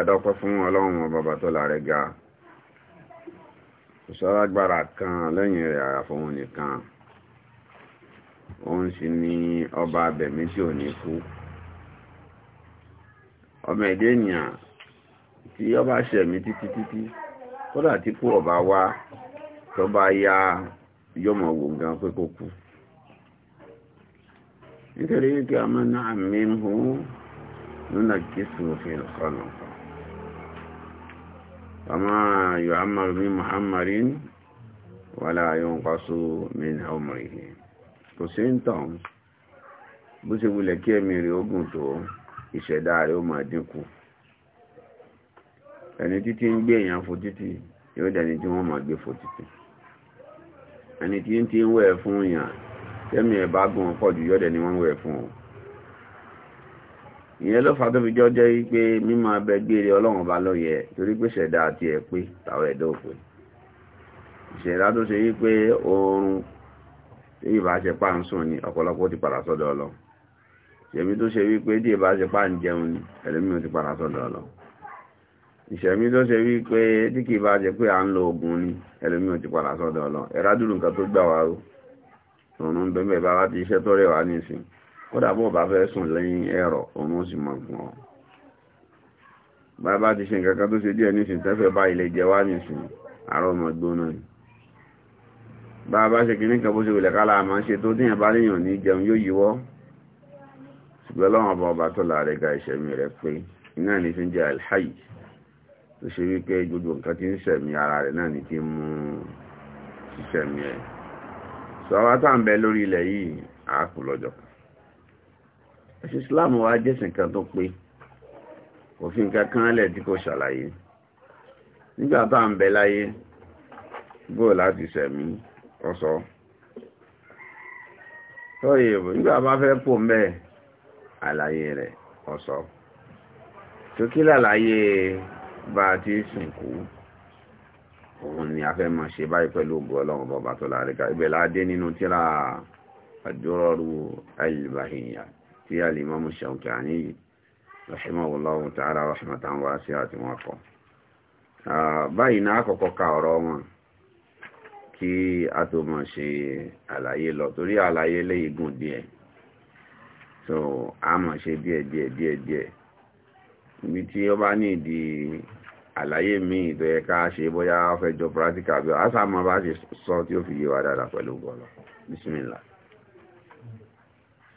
adáwọ́pẹ́ fún ọlọ́run bàbá tó láre ga ìṣọ́lágbára kan lẹ́yìn rẹ̀ àyàfọ́hun nìkan òun sì ni ọba abẹ̀mí tí ò ní kú ọmọ èdè ènìyàn tí ọba ṣẹ̀mí títí títí kódà tí kú ọba wá tó bá yá yọmọ wò gan pé kó kú nítorí wípé ọmọ náà mímú nínú kí sùn fi nǹkan fàmá yóò àmàrù ní muhammadin wà láàáyọ ń pàṣọ mẹ́rin ọmọrìhì kò sí ń tàn bó ṣe wulẹ̀ kí ẹ̀mí rẹ̀ ogun tó ìṣẹ̀dá rẹ̀ ó máa dínkù ẹni títí ń gbé èèyàn fò títí yóò dẹni tí wọ́n máa gbé fò títí ẹni tí ń ti ń wẹ̀ fún èèyàn tẹ́mi ẹ̀ bá gùn pọ̀ jù yọ́dẹ̀ ni wọ́n wẹ̀ fún ọ ìyẹn ló fà tó fi jọ́jọ́ yí pé mímọ abẹ gbére ọlọ́run bá lọ yẹ torí pé ṣẹ̀dá àti ẹ̀ pé tàwọn ẹ̀dá òpin ìṣẹ̀dá tó ṣe yí oorun tí ìbá ṣe pà ń sùn ni ọ̀pọ̀lọpọ̀ ti padà sọ́dọ̀ ọlọ ìṣẹ̀mí tó ṣe wípé tí ìbá ṣe pà ń jẹun ni ẹlẹ́mìí ti padà sọ́dọ̀ ọlọ ìṣẹ̀mí tó ṣe wípé tí kì í bá ṣe pé à ń lo oògùn ni ẹlẹ́mìí ti padà sọ́dọ̀ ọlọ ẹ̀rá dùrù nǹkan tó gbà wá rú òun bẹ́ẹ̀ bá wá ti iṣẹ́ tó wá nísìn kódà bó bá fẹ́ sùn lẹ́yìn ẹ̀rọ òun sì mọ̀ gùn ọ́ bàbá ti ṣe nǹkan kan tó ṣe díẹ̀ nísìn tẹ́fẹ́ bá ilẹ̀ jẹ wá nísìn àárọ̀ ọmọ gbóná ni bàbá ṣe kìíní kan bó ṣe wùlẹ̀ kálá àmọ́ ṣe tó díyàn bá léèyàn ní jẹun yóò yíwọ́ ṣùgbọ́n lọ́wọ́n bá ọba tó láàrẹ ga ìṣẹ̀mí rẹ̀ pé iná ní fi ń jẹ́ alhayi tó ṣe wípé gbogbo nǹkan tí ń ṣẹ̀mí ara rẹ̀ náà ní ti mú ṣiṣẹ̀mí rẹ̀ sọ wá tá à ń bẹ lórí ilẹ̀ yìí àákù lọ́jọ́ ẹ̀sìn islam wa jẹ́sìn kan tó pé òfin kankan lẹ̀ tí kò ṣàlàyé nígbà tá à ń bẹ láyé bó láti sẹ̀mí ọ̀sọ́ sọ́yì ìbò nígbà bá fẹ́ pò mẹ́ àlàyé rẹ̀ ọ̀sọ́ tó kí lálàyé bá ti sìnkú òun ni a fẹ́ mọ̀ ṣe báyìí pẹ̀lú ògbò ọlọ́run bọ̀bá tó láríká ibẹ̀ ládé nínú tíra àjọrọ̀rù al tí al-Imam Shawkani yìí rahimahullahu ta'ala rahmatan wasi'a tí wọ́n kọ́ báyìí náà kọ́kọ́ ka ọ̀rọ̀ wọn kí a tó mọ̀ ṣe àlàyé lọ torí àlàyé lẹ́yìn díẹ̀ so a mọ̀ ṣe díẹ̀ díẹ̀ díẹ̀ díẹ̀ ibi tí ó bá ní ìdí àlàyé míì tó yẹ ká ṣe bóyá fẹ́ jọ practical bí ọ sá mọ́ bá ṣe sọ tí ó fi yé wa dáadáa pẹ̀lú bọ́ọ̀lọ́ bismillah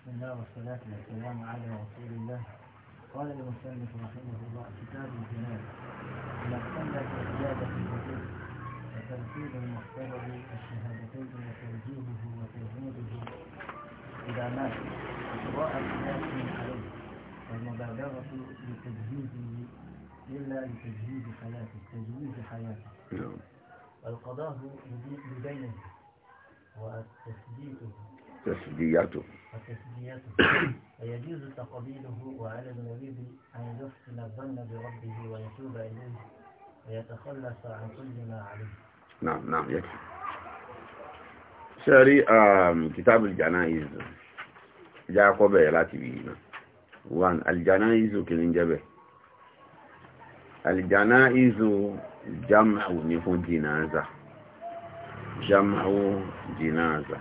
بسم الله والصلاة والسلام على رسول الله قال المسلم رحمه الله كتاب الجنان مقتنى زيادة الوجود وترتيب المختبر الشهادتين وتوجيهه وتجنيده إذا مات وقراءة الناس عليه والمبادرة لتجهيزه إلا لتجهيز حياته تجهيز حياته القضاء بدينه وتثبيته تثبيته فيجوز تقبيله وعلى المريض أن يحسن الظن بربه ويتوب إليه ويتخلص عن كل ما عليه نعم نعم يكفي شاري كتاب الجنائز جاكوب يلاتي بينا وان الجنائز كلين جبه الجنائز جمع نفو جنازة جمع جنازة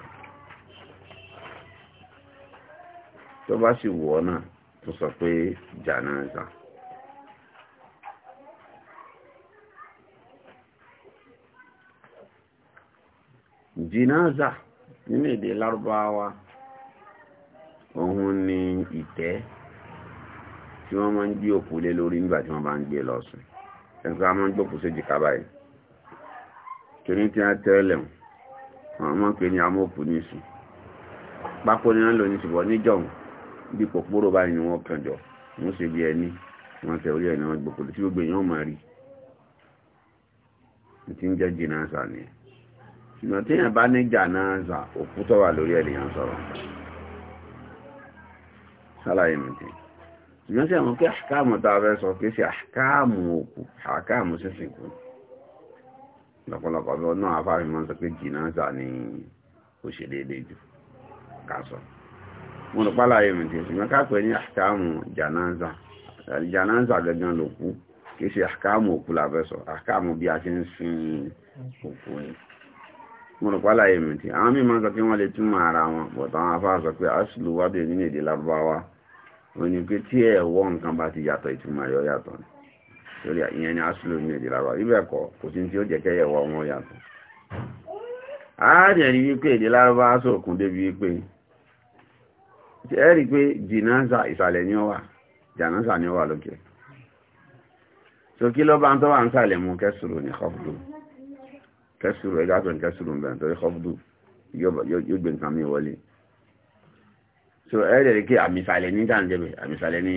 tó bá sì wù ọ́ náà tó sọ pé jànáza jìnáza nínú èdè lárúbáwá òun ni ìtẹ́ tí wọ́n máa ń gbé òkú lé lórí nígbà tí wọ́n bá ń gbé lọ sùn ẹ̀kọ́ a máa ń gbòkú sí jìkà báyìí kìíní tí a tẹ́lẹ̀ wọn máa ń pè ní amóòkú nísìn pápó ni wọ́n lò ní ṣùgbọ́n níjọ̀hún bí kòkòrò bá ní wọn kàn jọ wọn ṣe bí ẹni wọn tẹ orí ẹni wọn gbòkòlò tí gbogbo èèyàn máa rí ti ń jẹ́ jìnnàṣà ni ṣùgbọ́n tí èèyàn bá ní jànáṣà òkú tó wà lórí ènìyàn sọ̀rọ̀ sálàyé mi ti ṣùgbọ́n sí àwọn kí àkáàmù tá a fẹ́ sọ kí sí àkáàmù òkú àkáàmù sísìn kú lọ́pọ̀lọpọ̀ bí wọn náà afárí máa sọ pé jìnnàṣà ni ó ṣe déédéé jù ká sọ̀rọ̀ wọn pàlà ìrìn tí ṣùgbọ́n kápẹ́ ní àkàmù jànáńzà jànáńzà gẹ́gẹ́ ló kú kìí ṣe àkàmù òkú làbẹ́sọ̀ àkàmù bí a ṣe ń sin òkú ni wọn pàlà ìrìn tí àwọn mímọ́ sọ pé wọ́n lè túmọ̀ ara wọn bọ̀tà àwọn afá sọ pé asùlù wádé nínú èdè lárúbáwá wọn ni pé tí ẹ̀wọ́ nǹkan bá ti yàtọ̀ ìtumọ̀ yọ yàtọ̀ ni torí ìyẹn ni asùlù nínú èdè lárúbáwá ibẹ̀ kọ kò sí tí ó jẹ́ kẹ́yẹ̀wọ́ wọn ẹ rí pé jìnáza ìsàlẹ̀ ni ó wà jànáza ni ó wà lókè so kí ló bá ń tọ́wà ń sàlẹ̀ mú kẹsùrù ní kọfùdù kẹsùrù ẹgbẹ́ àtọ̀ ní kẹsùrù ń bẹ̀rẹ̀ torí kọfùdù yóò gbé nǹkan mi wọlé so ẹ rí pé àmìsàlẹ̀ ní jàǹjẹ̀bẹ̀ àmìsàlẹ̀ ní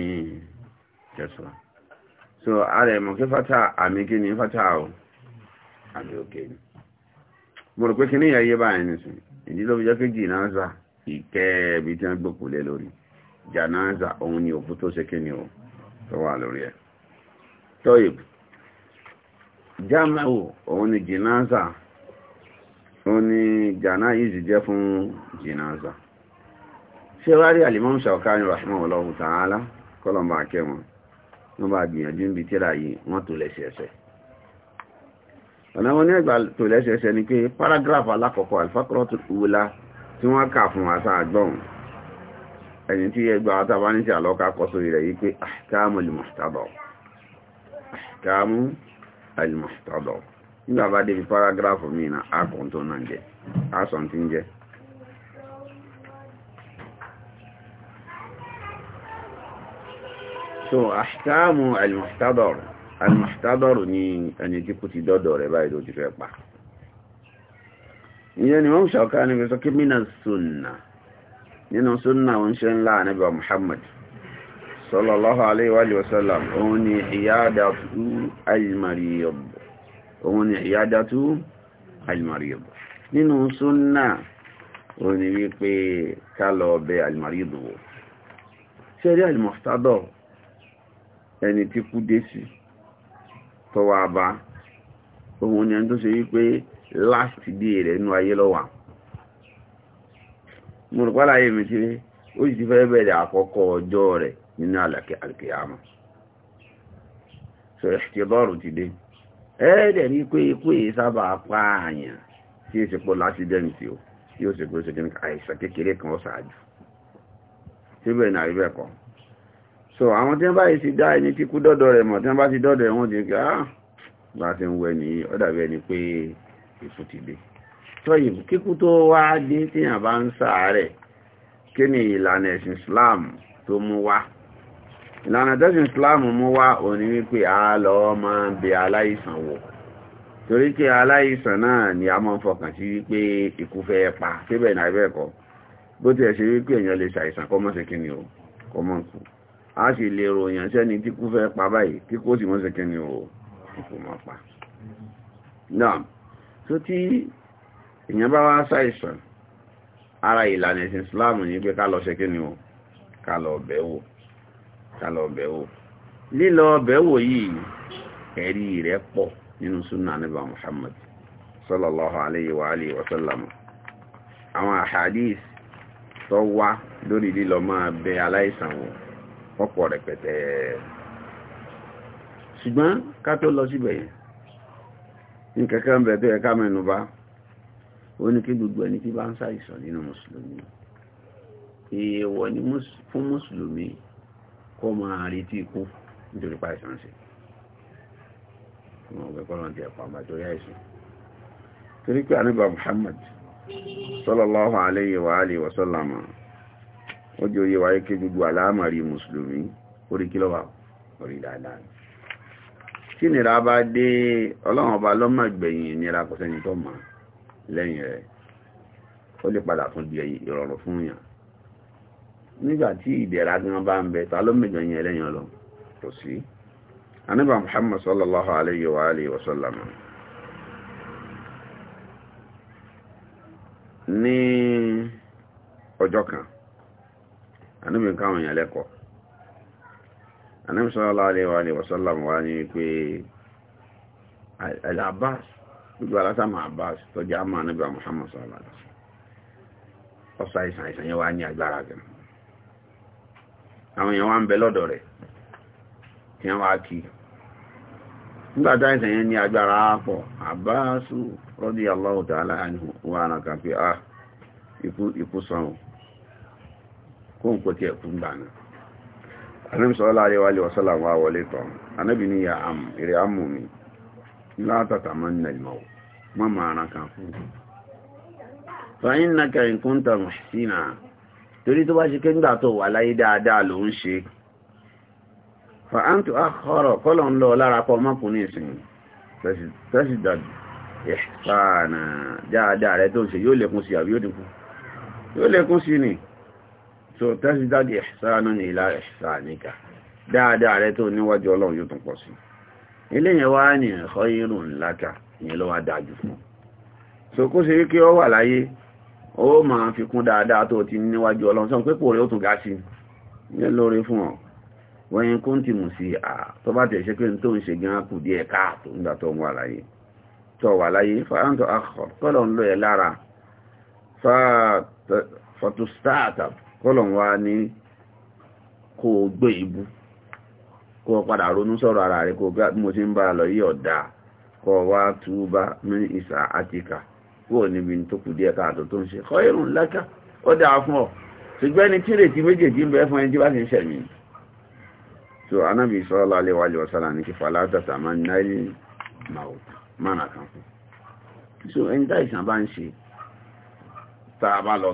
kẹsùrù so ara ẹ̀mọ̀ kí fata àmì kí ni fata o àmì òkè ni mo rò pé kí ní ìyá yé báyìí nìsín ìdí ló fi jẹ́ pé jìnáza ìkẹ́ ibi tí wọ́n gbòkú lé lórí jànáza òun ni òkú tó ṣe kí ni o tó wà lórí ẹ̀ tọ́yìb jámẹ́wò òun ni jìnáza òun ni jàná yìí sì jẹ́ fún jìnáza ṣé wá rí Al-Imam Shawkani rahimahullahu ta'ala kọ́lọ̀mbà akẹ́wọ̀n wọ́n bá gbìyànjú níbi tíra yìí wọ́n tó lẹ́sẹẹsẹ ọ̀nà wọn ní ẹgbà tó lẹ́sẹẹsẹ ni pé paragraph alákọ̀ọ́kọ́ al-faqratul ula tí wọ́n kà fún àṣà àgbọ̀n ẹni tí ẹgbà àtàbá ní ti àlọ́ka kọ́ sórí rẹ̀ yí pé ahkamu al-muhtadar ahkamu al-muhtadar nígbà bá débi paragraph mi na akùn tó náà jẹ asọ̀ tí ń jẹ so ahkamu al-muhtadar ni ẹni tí kú ti dọ́dọ̀ rẹ̀ báyìí ló ti fẹ́ pa ìyẹn ni wọ́n ṣọ̀ká ní pẹ̀sọ́ kí mínà sunna nínú sunna wọn ṣe ńlá ànábì muhammad sallallahu alaihi wa sallam òun ni ìyádàtú almariyab òun ni ìyádàtú almariyab nínú sunna òun ni wípé kálọ̀ ọbẹ̀ ṣe rí almustadọ ẹni tí kú dé sí tọwọ́ òun ni ẹni tó ṣe wípé last day rẹ̀ nínú ayé lọ́wà mo rò pálá ayé mi ti rí ó sì ti fẹ́ bẹ̀rẹ̀ àkọ́kọ́ ọjọ́ rẹ̀ nínú àlàkíyàmà sọ ẹ̀ṣẹ̀bọ́ọ̀rù ti dé ẹ̀ẹ́dẹ̀ rí pé ikú èyí sábà pa àyàn tí èsì pọ̀ láti dẹ́ntì o tí ó sì pé ṣe kí àìsàn kékeré kan ṣáájú síbẹ̀ ní àríbẹ̀ kan so àwọn tí wọ́n bá yìí ti dá ẹni tí kú dọ́dọ̀ rẹ̀ mọ̀ tí wọ́n bá ti dọ́dọ̀ ẹ̀ wọ́n ti kí ah bá ti ń wẹ ní ọ̀dàbẹ́ ni pé èso ti dé tọ́yìn kíkú tó wá dé tíyàn bá ń ṣàárẹ̀ kí ni ìlànà ẹ̀sìn Islam tó mú wá ìlànà ẹ̀sìn Islam mú wá ò ní wípé a lọ máa ń bẹ aláìsàn wò torí kí aláìsàn náà ni a máa ń fọkàn sí wípé ikú pa síbẹ̀ náà bẹ́ẹ̀ kọ́ bó tiẹ̀ ṣe wípé èèyàn lè ṣàìsàn kọ́ mọ́ sí kí ni o kọ́ mọ́ kú a sì lè ròyìn sẹ́ni tí kú fẹ́ pa báyìí tí kó sì mọ́ sí o funfun máa pa náà tó bá wá ṣàìsàn ara ìlànà ẹ̀sìn Islam ní pé ká lọ ṣe kíni o ká lọ ká lọ lílọ yìí ẹ̀rí rẹ̀ pọ̀ nínú súnà níbà Muhammad wa wa àwọn tó wá lórí lílọ máa bẹ aláìsàn ṣùgbọ́n ká tó lọ síbẹ̀ yẹn ní kẹ́kẹ́ ń bẹ̀ẹ́ ẹ̀ká mẹ́nubá ó ní kí gbogbo ẹni tí bá ń ṣàìsàn nínú mùsùlùmí èèwọ̀ ni fún mùsùlùmí kó máa retí ikú nítorí pa àìsàn sí ọmọ ọgbẹ́ kọ́lọ́n ti ẹ̀pọ̀ àmà Muhammad sallallahu alayhi wa alihi wa sallam ó jẹ́ òye wáyé kí gbogbo àlámàrí mùsùlùmí orí kí lọ́wọ́ orí dáadáa tí nira bá dé ọlọ́run ọba lọ́mọ ìgbẹ̀yìn nira kò sẹ́ni tó mọ̀ lẹ́yìn rẹ̀ ó lè padà tún di ìrọ̀rùn fún yàn nígbà tí ìdẹ̀ra gan bá ń bẹ ta ló mẹ́jọ yẹn lẹ́yìn ọlọ kò sí anábà Muhammad sallallahu alayhi wa alayhi wa sallam ní ọjọ́ kan anábì káwọn èèyàn lẹ́kọ̀ọ́ Ànábì sallallahu alaihi wa sallam wá ní pé al-Abbas gbogbo alásàmà Abbas tó jẹ́ àmà Ànábì Muhammad sallallahu alaihi wa sallam ọ̀sá ìsàn ìsàn yẹn wá ní agbára gan àwọn èèyàn wá ń bẹ lọ́dọ̀ rẹ̀ tí wọ́n wá kí nígbàtá ìsàn yẹn agbára pọ̀ Abbasu radiyallahu ta'ala anhu wà náà kàpẹ́ ah ikú sọ̀rọ̀ kó ń tí ẹ̀kú ń bà náà anábì sọ́lá àríwájú wàsọ́lá wà wọlé tọ́ anábì ní ya àmù ìrẹ̀ àmù mi látàtà mọ́ ní ẹ̀lmọ́ má máa ràn kan fún fàyín na kẹrin kúntà mọ̀síná torí tó bá ṣe kí nígbà tó wà láyé dáadáa ló ń ṣe fa á ń tó yóò lékún sí àbí yóò dínkù yóò lékún sí ni so tẹ́sídájì ẹ̀ṣánú ní ìlà ẹ̀ṣáníkà dáadáa rẹ tó níwájú ọlọ́run yóò tún pọ̀ sí ilé yẹn wá ní ẹ̀kọ́ irun láka ìyẹn ló wá dájú fún so kó ṣe wípé ó wà láyé ó máa fi kún dáadáa tó ti níwájú ọlọ́run sọ pé kò rí ó tún ga sí ìyẹn lóore fún ọ wọ́n kó ń tì sí à tó bá tẹ̀ ṣe pé tó ń ṣe gan kù díẹ̀ káàtó nígbà tó ń wà láyé tó wà láyé fáńtò akọ̀ kọ́lọ̀ kọ́lọ̀n wa ní kó ibu gbé ibú padà ronú ara rẹ̀ bí mo ti ń bá lọ yí ọ̀dà kó wá túbá ní ìsà àtìkà kó níbi tó kù díẹ̀ káàtó tó ń irun ó dáa fún ọ ṣùgbọ́n ẹni tí eti méjèèjì ń bẹ fún ẹni tí bá ti ń so anábì ní náírì mánà kan fún so ẹni tá ìsàn bá ń ṣe a bá lọ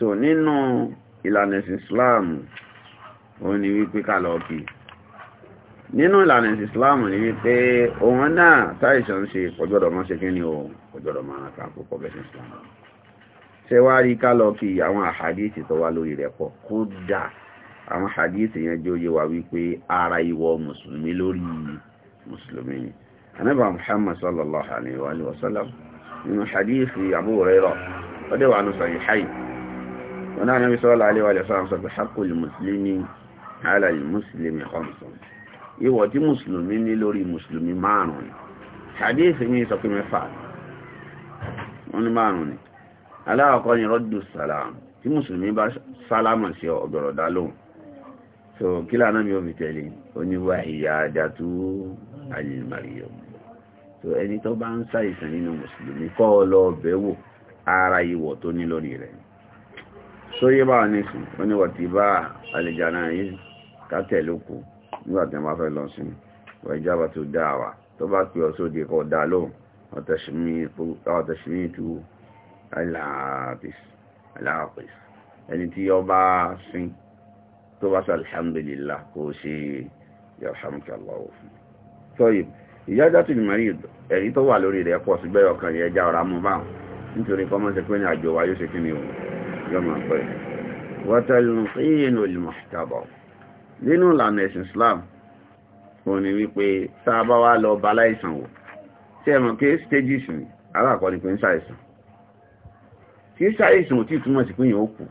so nínú ìlànà ìsìn Islam ó ní wípé kàlọ́ọ̀kì nínú ìlànà ìsìn Islam ní wípé òun náà táìsàn ń ṣe ọjọ́dọ̀ máa ṣe kíni o ọjọ́dọ̀ máa kà púpọ̀ bẹ́ẹ̀ Islam ṣe wá rí kàlọ́ọ̀kì àwọn àhàdíìsì tó wá lórí rẹ̀ pọ̀ kódà àwọn àhàdíìsì yẹn jẹ́ òye wa wípé ara ìwọ mùsùlùmí lórí mùsùlùmí ni anábà Muhammad sallallahu alayhi wa sallam nínú àhàdíìsì Abu Hurairah ó dẹ̀ wà nù sahih wọn náà níbi sọ́lá aléwàlẹ̀ sọ́lá sọ pé hakul muslimi ala muslimi khamsun ìwọ̀ tí mùsùlùmí ní lórí mùsùlùmí márùn-ún hadisi ní sọ pé mẹ́fà wọn ní márùn-ún ni aláwọ̀kọ́ ni rọ́dù sàlám tí mùsùlùmí bá sálámà sí ọ̀dọ̀rọ̀ dá lóhùn so kí lànà mi ò fi tẹ̀lé oníwà ìyá so ẹni tó bá ń ṣàìsàn nínú mùsùlùmí kọ́ ọ sóyé bá nísìn oníwọ̀tí bá àlèjànà yìí kátẹ̀lókù nígbàtí wọ́n fẹ́ lọ sí wọ́n ìjábà tó dáàwà tó bá pè ọ́ sóde kọ́ dá lóhùn ọ̀tẹ̀ṣìmí tú aláàpìs ẹni tí ọ bá sín tó bá sọ alhamdulillah kó ṣe yarhamukallahu tọ́yì ìyájá tó ní marí ẹ̀rí tó nítorí kọ́mọ́sẹ̀ ní àjò wa ṣe kí ni òun yọmọ pẹ́ wọ́tẹ̀lùfíìnù ìmọ̀tàbọ̀ nínú ìlànà ẹ̀sìn Islam ò ní wípé tá a bá wá lọ bá láìsàn wò tí ẹ mọ̀ pé stages ni alákọ̀ọ́ ni pé ń ṣàìsàn tí ṣàìsàn ò tí túmọ̀ sí pé yẹn ó kù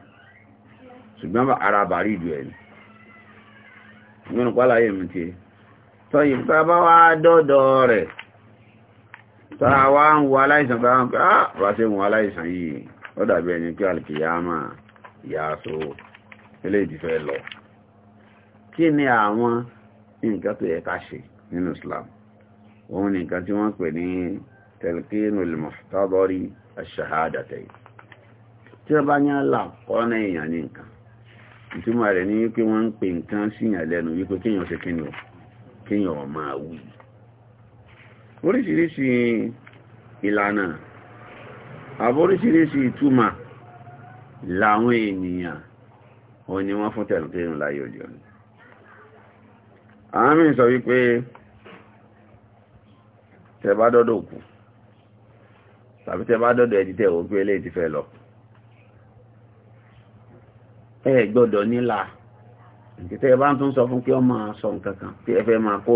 ṣùgbọ́n ara bàrí ìlú ẹ̀ ni nínú pàlàyé mi ti tọ́yìn tá a bá wá dọ́dọ̀ rẹ̀ tá a wá ń wo aláìsàn bá wọn pé ah bá ṣe wọn aláìsàn yìí ó dàbí ẹni pé alìkìyàmà ìyàtọ̀ ilé ìdífẹ́ lọ kí ni àwọn nǹkan tó yẹ ká ṣe nínú Islam òun ni nǹkan tí wọ́n pè ní telkinul muhtadari ash-shahadatayn tí wọ́n bá ní alákọ́ọ́nà èèyàn ní nǹkan ìtumọ̀ rẹ̀ ní wípé wọ́n ń pè nǹkan síyàn lẹ́nu wípé kéèyàn ṣe kéèyàn máa wí oríṣiríṣi ìlànà àbóríṣiríṣi ìtumà làwọn ènìyàn o ni wọ́n fún tẹ̀lùtẹ̀lù láyé òjò ní àmì sọ wípé tẹbá dọ́dọ̀ òkú tàbí tẹbá dọ́dọ̀ ẹ̀dí tẹ̀ òkú ilé ti fẹ́ lọ ẹ gbọ́dọ̀ nílà ìtẹ́ bá ń tún sọ fún kí ọ máa sọ nǹkan kan ẹ fẹ́ máa kó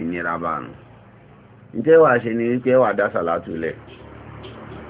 ìnira bá nù ìtẹ́wàá ṣe ni wípé wà dá sàlátù lẹ̀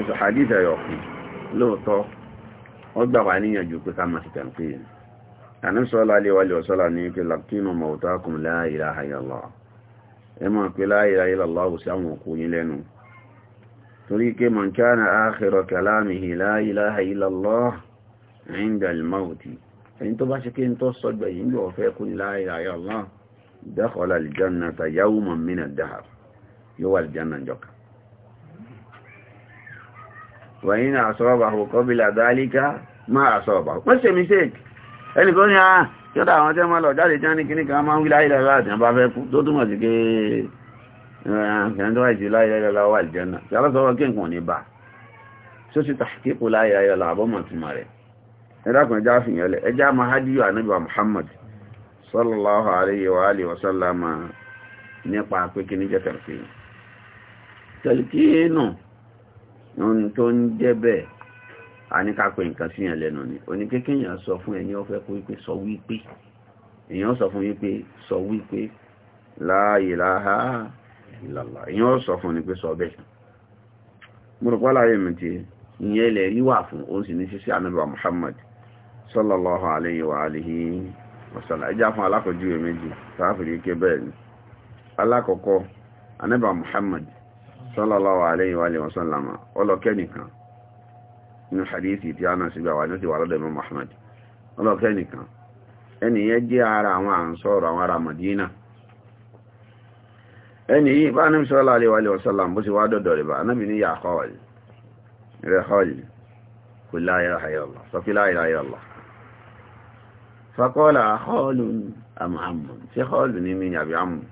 ẹ̀sọ̀ hadith ẹ̀yọ̀ kan lóòótọ́ wọ́n gbà wá níyànjú pé ká máa ṣìkà ń pè ní àníṣọ́lá aléwàlẹ̀ ọ̀ṣọ́lá ní pé láptínú mọ̀tàkùn la ilaha illallah ẹ máa pé la ilaha illallah òsì àwọn òkú yín lẹ́nu torí pé man kana akhiru kalamihi la ilaha illallah inda al ẹni tó bá ṣe kí n tó sọgbẹ̀ yìí lọ fẹ́ kú la ilaha illallah wọ̀nyí ní àṣọ́ọ̀bà àkọ́kọ́ bí làdálíká máa àṣọ́ọ̀bà wọ́n ṣe mistake ẹnìkan ní àá tí ó dá àwọn tẹ́mọ́ lọ jáde jẹ́ ní kíní kan máa ń wí láìlẹ́ láti ọba fẹ́ kú sallallahu alayhi wa alihi wa sallama nípa pé kíní jẹ́ tẹ̀lifíìnù ohun tó ń jẹ́ bẹ́ẹ̀ a ní kápẹ́ nǹkan síyàn lẹ́nu ni sọ fún ẹni ọ̀fẹ́ kó wípé sọ wípé èèyàn sọ fún wípé sọ wípé la ilaha illallah èèyàn sọ fún ni pé sọ bẹ́ẹ̀ mo rò mi ti ìyẹn ilẹ̀ rí wà Muhammad sallallahu alayhi wa alihi wa ẹjá fún alákọ̀ọ́jú méjì sáfìrí ké bẹ́ẹ̀ ni Muhammad sallallahu alayhi wa sallam ọlọ́kẹ́ nìkan inú hadithi tí a náà sí gbàwà ní ti wà lọ́dọ̀ Imam Ahmad ọlọ́kẹ́ nìkan ẹni yẹ jẹ́ ara àwọn Ansar àwọn ará Madina ẹni yìí bá ní sallallahu alayhi wa sallam bó sì wá dọ̀dọ̀ rẹ̀ bá anábì ní yà hall rẹ̀ hall kò la ilaha illallah sọ fi la ilaha illallah faqala hallun am ammun sí hall ní mi yàbí ammun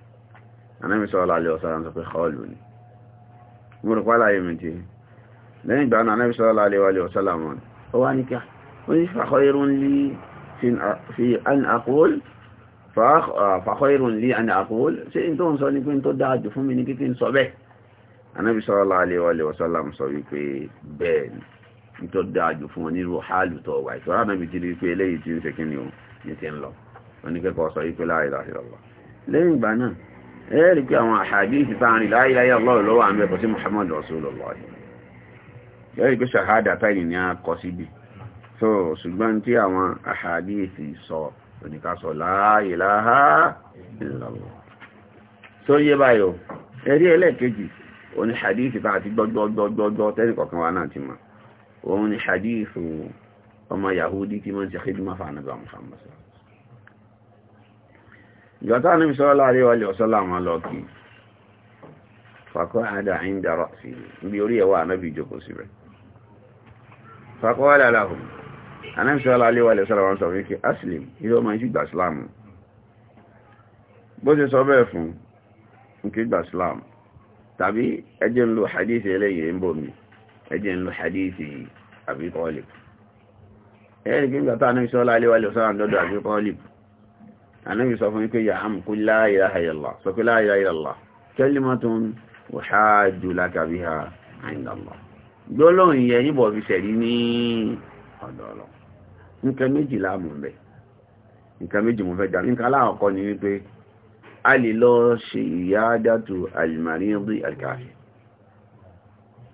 anábì sallallahu alayhi wa sallam sọ pé gbọ́rọ̀ pàlàyé mi tí lẹ́yìn ìgbà náà Ànábì sallallahu alaihi wa sallam ó wá níkà ó ní fa khayrun li fi an aqul fa khayrun li an aqul ṣe in tó ń sọ ní pé tó dáadù fún mi ní kíkín sọ bẹ́ẹ̀ Ànábì sallallahu alaihi wa sallam sọ wípé bẹ́ẹ̀ ni tó dáadù fún wọn nírú hálù tó wà ìtọ́rọ̀ Ànábì ẹ̀rí pé àwọn àhàdíìsì táàrin láyéláyé ọlọ́rọ̀ lọ́wọ́ àmì ẹ̀kọ́ sí Muhammad Rasulullah ẹ̀rí pé ṣàhádà táyì ní a kọ síbi so ṣùgbọ́n tí àwọn àhàdíìsì sọ oníkàsọ̀ láyéláhá ìlọ́wọ́ tó yé báyọ̀ ẹ̀rí ẹlẹ́ẹ̀kejì òní hadíìsì tá àti gbọ́gbọ́gbọ́gbọ́ tẹ́lì kọ̀ọ̀kan wa náà ti mọ̀ òun ni hadíìsì ọmọ Yahudi tí wọ́n ti ṣe khidma fa ìgbàtà ní ìṣọ́lá àríwájọ́ sọ́lá àwọn lọ́kì fako ìndà rọ̀sì níbi orí ẹwà anábì ìjọkò sí rẹ̀ fàkọ́hádà aláhùn anábìṣọ́lá àríwájọ́ sọ́lá wọn sọ aslim ilé ọmọ ìjú gbà sílámù bó tàbí ẹjẹ́ ń lo hadith eléyìí ń bò mí ẹjẹ́ ń lo hadith àbí kọ́ọ̀lì sọ́lá àdọ́dọ̀ ànábì sọ fún pé yàhám kú la ilaha illallah sọ pé la ilaha illallah kalimatun uhajju laka biha inda Allah gbólóhùn yẹn níbọ̀ fi sẹ̀rí ní ọ̀dọ̀ ọ̀lọ́ nǹkan méjì láàmú bẹ̀ nǹkan méjì mo fẹ́ dá nǹkan aláàkọ́ ni wípé a lè lọ ṣe ìyádàtò àlìmàríyàndì àkàfẹ́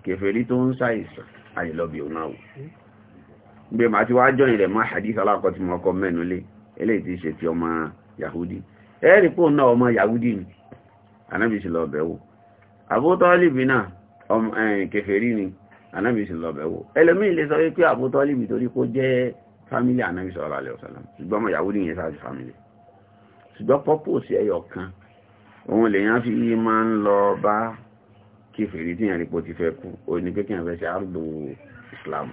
kèfèrí tó ń ṣàìsàn a lè lọ bí òun náà wò yahudi ẹ̀rì pò náà ọmọ yahudi ni anábì sì lọ bẹ̀wò Abu Talib náà kèfèrí ni anábì sì lọ bẹ̀wò ẹlẹ́mí ilé sọ pé Abu Talib torí kó jẹ́ fámílì anábì sallallahu alaihi wasallam ṣùgbọ́n ọmọ yahudi yẹn sáájú fámílì ṣùgbọ́n pọ́pọ́sì ẹyọ kan òun lèèyàn fi máa ń lọ bá kèfèrí tí yẹn rí pò ti fẹ́ kú òun ni pé kí yẹn fẹ́ ṣe àrùdò islam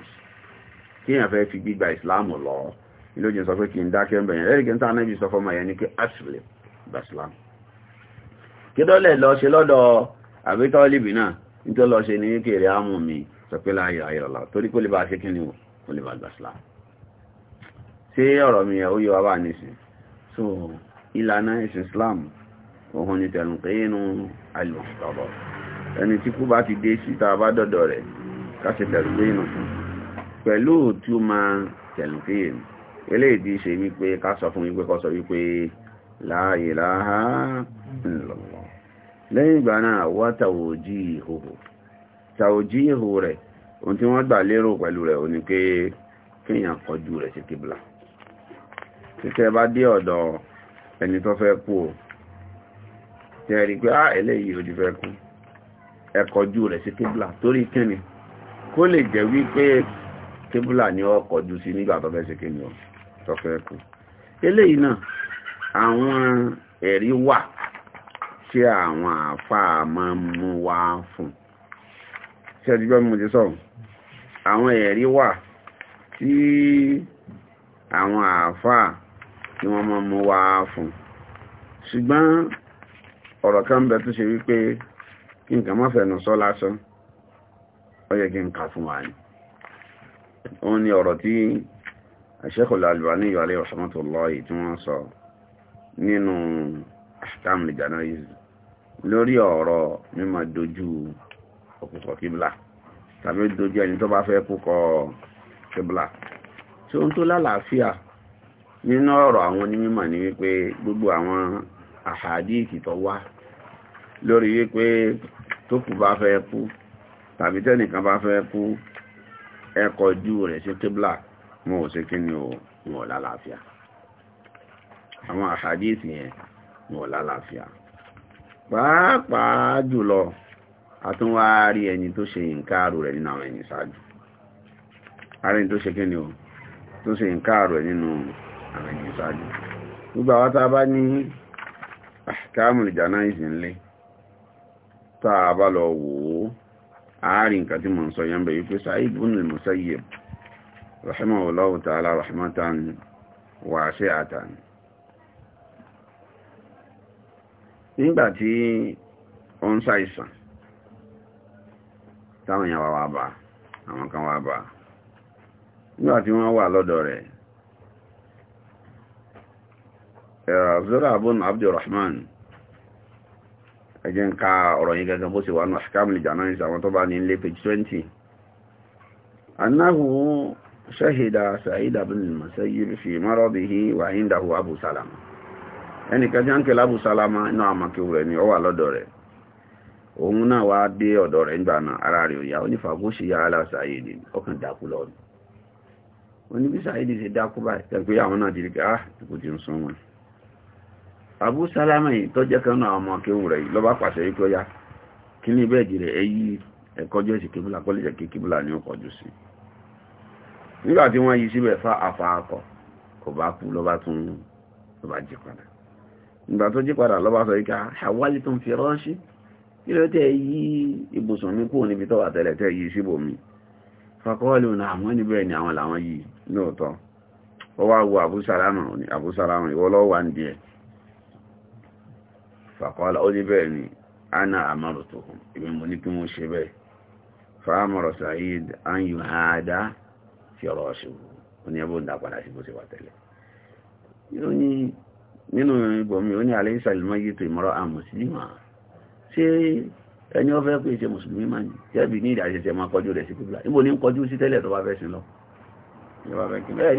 kí yẹn fẹ́ fi gbígba islam lọ́ọ́ ìlójìn sọ pé kí n dákẹ́ ọmọ yẹn ẹ̀rìgẹ́ tán náà sọ fọmọ yẹn ni pé asìlẹ̀ baslam kí tó lẹ̀ lọ ṣe lọ́dọ̀ àbítọ́lìbì náà ní tó lọ ṣe ní kèrè ámù mi sọ pé láàyè ayọ̀lá torí kó lè bá ṣe kíni kó lè bá baslam ṣé ọ̀rọ̀ mi yẹn ó yẹ wá bá nísìn so ìlànà ìsìn Islam òhun ni tẹ̀lùkẹ́ inú alùpùpù ẹni tí kú bá ti dé síta bá dọ̀dọ̀ rẹ̀ ká ṣe tẹ̀lùkẹ́ inú fún pẹ̀lú òtún máa tẹ̀lùkẹ́ inú eléyìí ṣe wípé ká sọ fún wípé kó sọ wípé la ilaha illallah lẹ́yìn ìgbà náà wá tawjihu tawjihu rẹ̀ ohun tí wọ́n gbà lérò pẹ̀lú rẹ̀ òní pé kíyàn kọjú rẹ̀ sí kíbla títẹ́ bá dé ọ̀dọ̀ ẹni tó fẹ́ kú o tí ẹ rí pé á ah, eléyìí ò ti fẹ́ kú ẹ kọjú rẹ̀ sí kíbla torí kíni kó lè jẹ́ wípé kíbla ni ó kọjú sí nígbà tó fẹ́ ṣe kíni o tọ́fẹ́ kù eléyìí náà àwọn ẹ̀rí wà tí àwọn àáfàá máa ń mú wá fún ṣé ẹ̀dí gbọ́n mo ti sọ̀rọ̀ àwọn ẹ̀rí wà tí àwọn àáfàá ni wọ́n máa ń mú wá fún ṣùgbọ́n ọ̀rọ̀ kan bẹ tó ṣe wípé kí nǹkan má fẹ̀nu sọ lásán ó yẹ kí n kà fún wa ni òun ni ọ̀rọ̀ tí الشيخ الألباني عليه رحمة الله تماصى nínú ahkam lè jànáyìí lórí ọ̀rọ̀ mímọ̀ dojú òkùnkọ̀ kíbla tàbí dojú ẹni tó bá fẹ́ kúkọ kíbla tí ó ń tó lálàáfíà nínú ọ̀rọ̀ àwọn onímọ̀ ni wípé gbogbo àwọn àhàdíìkì tó wá lórí wípé tó kù bá fẹ́ kú tàbí tẹ́nìkan bá fẹ́ kú ẹ kọjú rẹ̀ sí kíbla wọn ò ṣe kí ni wọn lálàáfíà àwọn àhàdíìsì yẹn wọn lálàáfíà pàápàá jùlọ àtúnwà rí ẹni tó ṣe ìǹkáàrù rẹ̀ nínú àwọn ẹni ṣáájú àárín tó ṣe kí ni o tó ṣe ìǹkáàrù rẹ̀ nínú àwọn ẹni ṣáájú gbogbo àwọn tá a bá ní àṣìkáàmù ìjànà ìsìnlẹ̀ tá a bá lọ wò ó àárín nǹkan tí mo ń sọ yẹn bẹ̀ wípé Sa'id ibn al-Musayyib rahimahullahu ta'ala rahmatan wasi'atan nígbàtí ó ń ṣàìsàn táwọn èèyàn wà wà bá àwọn kan wà bá nígbàtí wọ́n wà lọ́dọ̀ rẹ̀ Zura eh, bin Abdurrahman ẹjẹ́ ń ka ọ̀rọ̀ yìí gẹ́gẹ́ bó ṣe wà ní àṣíkámìlì jànáà ìsàwọn tó bá ní ilé page 20 annahu شهد سعيد بن المسيب في مرضه وعنده أبو سلامة ẹni kẹjọ ń kẹlá abúsálámá inú àmàkíwò rẹ̀ ni ó wà lọ́dọ̀ rẹ̀ òun náà wá dé ara ya aláṣàyèdè ọkàn dákú lọ́dún oníbísàyèdè ṣe dákú báyìí tẹ́gbé àwọn náà ti rí ká kò ti ń sún wọn abúsálámá yìí nígbàtí wọ́n yí síbẹ̀ fa àfàákọ̀ kò bá kú lọ́bá tún lọ́bá jí padà nígbà tó jí padà lọ́bá sọ ìka àwáyé tó ń fi ránṣí kí ló tẹ́ yí ibùsùn mi kúrò níbi tọ́wà tẹ́lẹ̀ tẹ́ yí síbò mi fakọ́ọ̀lù ní àwọn níbẹ̀ ni àwọn làwọn yìí lóòótọ́ ó wá wo àbúsàlámù ìwọ lọ́wọ́ wà ń díẹ̀ fakọ́ọ̀lù ó ní bẹ́ẹ̀ ni ana àmọ́rùtò ìgbìmọ̀ ní kí wọ́n ṣe bẹ́ẹ̀ fàámọ̀rọ̀ sàyíd an yóò háadáa tí ọ̀rọ̀ ṣubú ó ní ẹbú ń dá padà sí bó ṣe wà tẹ́lẹ̀ nínú ibòmí ó ní alẹ́ ìsàlùmọ́ yìí tó ìmọ̀rọ̀ àmùsílìmọ̀ ṣé ẹni ó fẹ́ pé ṣe mùsùlùmí máa ní jẹ́bi ní ìdájẹ́sẹ̀ máa kọjú rẹ̀ sí kúbla níbo ní kọjú sí tẹ́lẹ̀ tó bá fẹ́ sí lọ bẹ́ẹ̀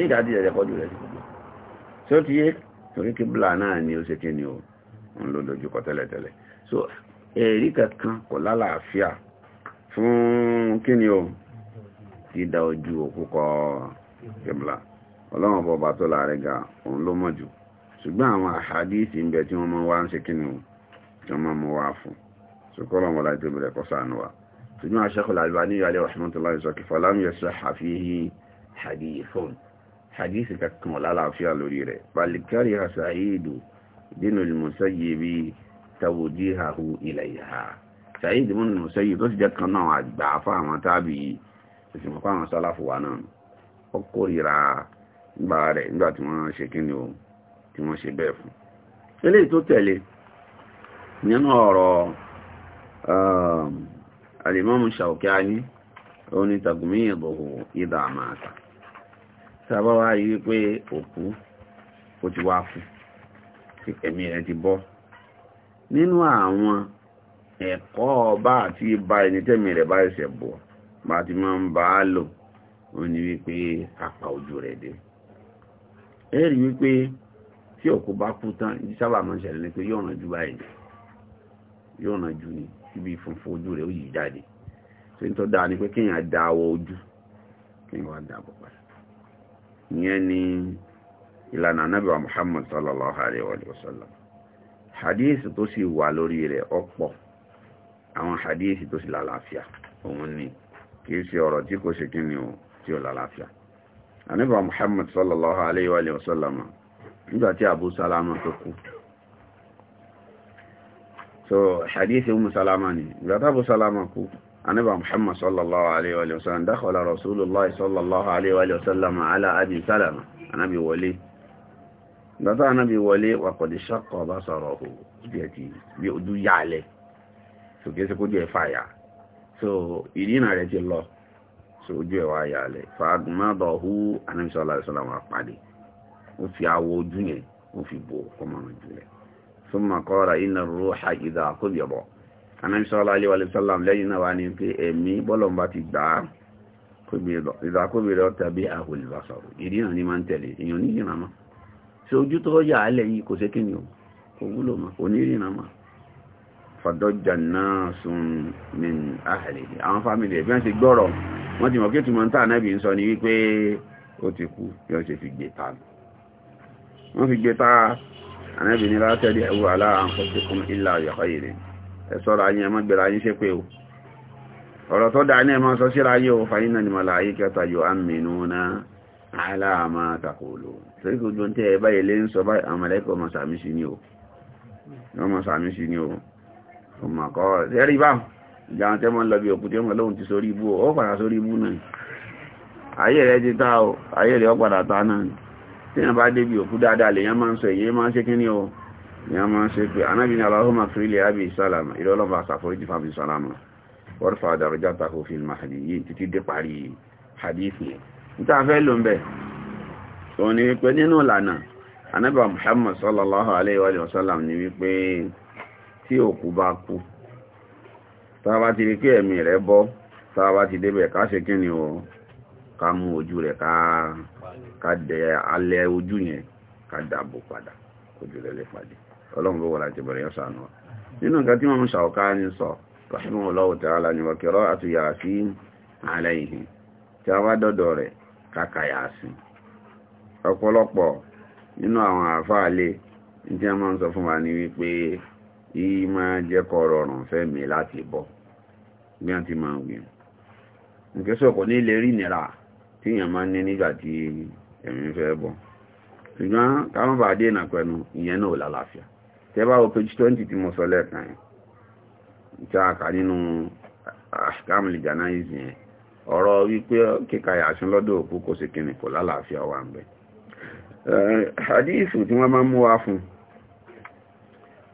ni ó ṣe kí ni so èrí kankan kò lálàáfíà fún kí ni ó dídá ojú òkú kọ kìbìlà ọlọ́run bọ̀bà tó láàrin ga òun ló mọ̀ jù ṣùgbọ́n àwọn àhádìsì ń bẹ tí wọ́n mọ́ wá ń ṣe kí ni wọ́n mọ́ mọ́ wá fún ṣùkọ́lọ̀ wọn láti bẹ̀rẹ̀ kọ́ sànù wa ṣùgbọ́n aṣẹ́kọ̀ọ́ làlùbá ní ìyàlẹ́ rahmatullahi sọ kí fọlá mi yẹsẹ̀ àfihì hadithun tó ti jẹ́ kan náà àgbà fáwọn tábìyì ìsìnkú àwọn sálàfù wa náà ó kórìíra gbà rẹ̀ nígbà wọ́n ṣe kí ni o tí wọ́n ṣe bẹ́ẹ̀ fún eléyìí tó tẹ̀lé nínú ọ̀rọ̀ alìmọ́mù Ṣàòkání oní tàgùmí ìbòhò ìdà àmàta sábà wá pé òkú ó ti wá fún ẹ̀mí rẹ̀ ti bọ́ nínú àwọn ẹ̀kọ́ ọba àti ibà ẹni tẹ́mi rẹ̀ bá ẹsẹ̀ bá ti máa ń bá lò ó ní wípé apá ojú rẹ̀ dé ẹ̀rí wípé tí òkú bá kú tán ìdí sábà máa ń ṣẹlẹ̀ ní pé yóò ràn jù báyìí yóò ràn jù ní ibi funfun ojú rẹ̀ ó yìí jáde tó ń dáa ni pé kéèyàn da awọ ojú kéèyàn wá da àbọ̀ padà ìyẹn ni ìlànà sallallahu alayhi wa sallam hadith tó sì wà lórí rẹ̀ ọ̀pọ̀ àwọn hadith tó sì lálàáfíà kìí ṣe ọ̀rọ̀ tí kò ṣe kí ni o tí ó lálàáfíà àníbà Muhammad sallallahu alayhi wa sallam nígbàtí Abu Salama tó kú so hadithi Umm Salama ni nígbàtí Abu Salama kú àníbà Muhammad sallallahu alayhi wa sallam dakhala rasulullah sallallahu alayhi wa sallam ala Abi Salama anábi wọlé nígbàtí anábi wọlé wa qad shaqqa basarahu bí ojú so kìí ṣe kó so ìdínà rẹ̀ ti lọ so ojú ẹ̀wà ayàlẹ̀ fàágùnmábọ̀ hú anamisọ́lá ìsọ́lá wọn àpàdé ó fi awọ ojú yẹn ó fi bò ọmọ rẹ̀ jùlẹ̀ súnmọ́ kọ́ra iná rúha ìdá àkóbìọ̀bọ̀ anamisọ́lá alẹ́ wàlẹ́ sọ́lá lẹ́yìn náà wà ní pé ẹ̀mí bọ́lọ̀mbà ti gbà á ìdá àkóbìọ̀rẹ́ ọ̀tà bí ahòlìbàṣọ̀rọ̀ ìdínà ni máa ń tẹ̀lé èèyàn níyìnà mọ́ fàdọ́jà náà sun min ahli àwọn fámìlì ẹ̀bí wọ́n ti gbọ́rọ̀ wọ́n ti mọ̀ kí túnmọ̀ tá ànábì ń sọ ní wípé ó ti kú bí wọ́n ṣe fi gbé ta wọ́n fi gbé ta ànábì ní látẹ́rí ẹ̀wọ̀ aláàkọ́síkún ilá ọ̀yọ̀kọ́ ìrìn ẹ ṣọ́ra ayé kẹta ọmọ àkọ́ ẹ̀rí bá ìjà àwọn tẹ́mọ̀ lọ bí òkú tí ọmọ lóhun ti sórí ibú ó padà sórí ibú náà ayé rẹ̀ ti tá o ayé rẹ̀ ó padà tá náà tí wọ́n bá débi òkú dáadáa lèyàn máa ń sọ èyí máa ń ṣe kíní o èyàn máa ń ṣe pé anábì ní aláhùnmá fírílẹ̀ àbí ìsálàmà ìrọ́lọ́mà àsàforíjì fàbí sálàmà wọ́n ni wípé nínú ìlànà muhammad sallallahu alayhi wa sallam ni wípé tí òkú bá kú tá ti rí kí ẹ̀mí rẹ̀ bọ́ tá ti débẹ̀ ká ṣe kí ni o ká mú ojú rẹ̀ ká dẹ alẹ́ ojú yẹn ká dàbò padà ojú rẹ̀ lè pàdé ọlọ́run ló wọ́n láti bẹ̀rẹ̀ yọ́sà náà nínú nǹkan tí wọ́n ń ṣàwọ́ká ní sọ rahimahullahu ta'ala tí a yìí ma jẹ́ kọ̀rọ̀ ọ̀rùn fẹ́ mi láti bọ́ bí ti máa gbìn sọ̀kọ̀ ní ilé rí nira tí èèyàn máa ní nígbà tí ẹ̀mí fẹ́ bọ́ ṣùgbọ́n káwọn bá dé ìnà pẹ̀lú ìyẹn náà lálàáfíà tẹ́ bá wo page twenty tí mo sọ lẹ́ẹ̀kan yẹn tí a kà nínú àṣìkámìlì jànáìz yẹn ọ̀rọ̀ wípé kíka yàṣún lọ́dọ̀ òkú kò sí kíni kò lálàáfíà wà ń bẹ̀